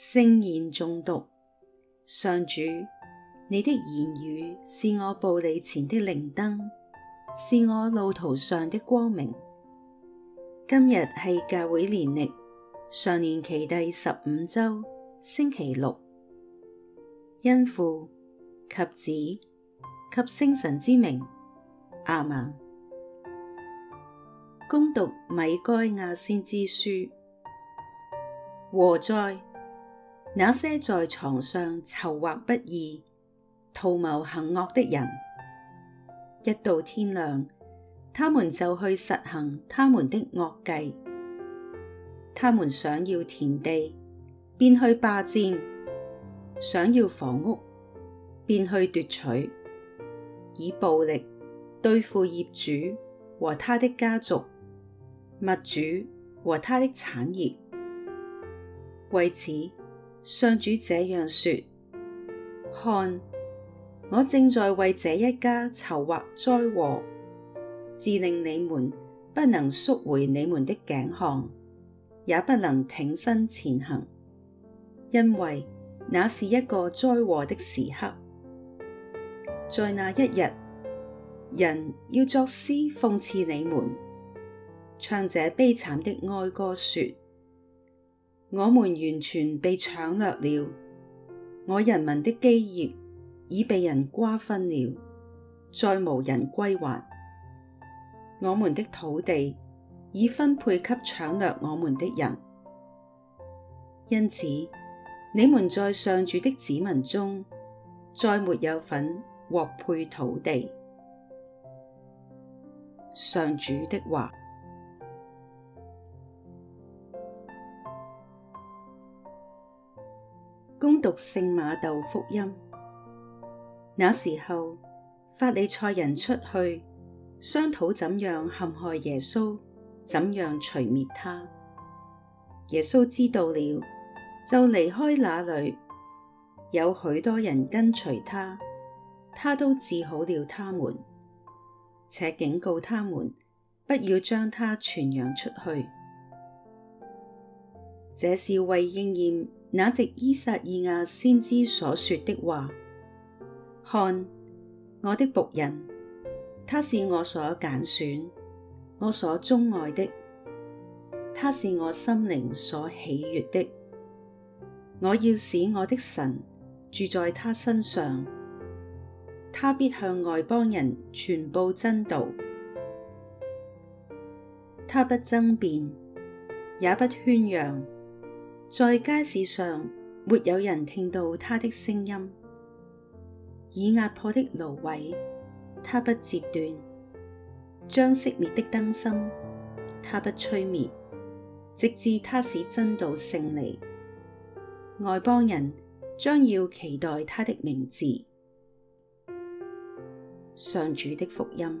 聖言誦讀。上主，你的言語是我步履前的靈燈，是我路途上的光明。今日係教會年曆常年期第十五周，星期六。因父及子及聖神之名，阿們。恭讀米該亞先知書，禍哉！那些在床上籌劃不義、圖謀行惡的人，一到天亮，他們就去實行他們的惡計。他們想要田地，便去霸占；想要房屋，便去奪取，以暴力對付業主和他的家族、物主和他的產業，為此，上主這樣說：看，我正在為這一家籌劃災禍，致令你們不能縮回你們的頸項，也不能挺身前行，因為那是一個災禍的時刻。在那一日，人要作詩諷刺你們，唱這悲慘的哀歌說：我們完全被搶掠了，我人民的基業已被人瓜分了，再無人歸還。我們的土地已分配給搶掠我們的人，因此你們在上主的子民中再沒有份獲配土地。上主的話。恭讀聖瑪竇福音。那時候，法利塞人出去，商討怎樣陷害耶穌，怎樣除滅他。耶穌知道了，就離開那裏。有許多人跟隨他，他都治好了他們，且警告他們不要將他傳揚出去。這是為應驗，那藉依撒意亞先知所說的話：看，我的僕人，他是我所揀選、我所鍾愛的，他是我心靈所喜悅的。我要使我的神住在他身上，他必向外邦人傳佈真道，他不爭辯，也不喧嚷。在街市上，沒有人聽到他的聲音。已壓破的蘆葦，他不折斷；將熄滅的燈芯，他不吹滅，直至他使真道勝利。外邦人將要期待他的名字。上主的福音。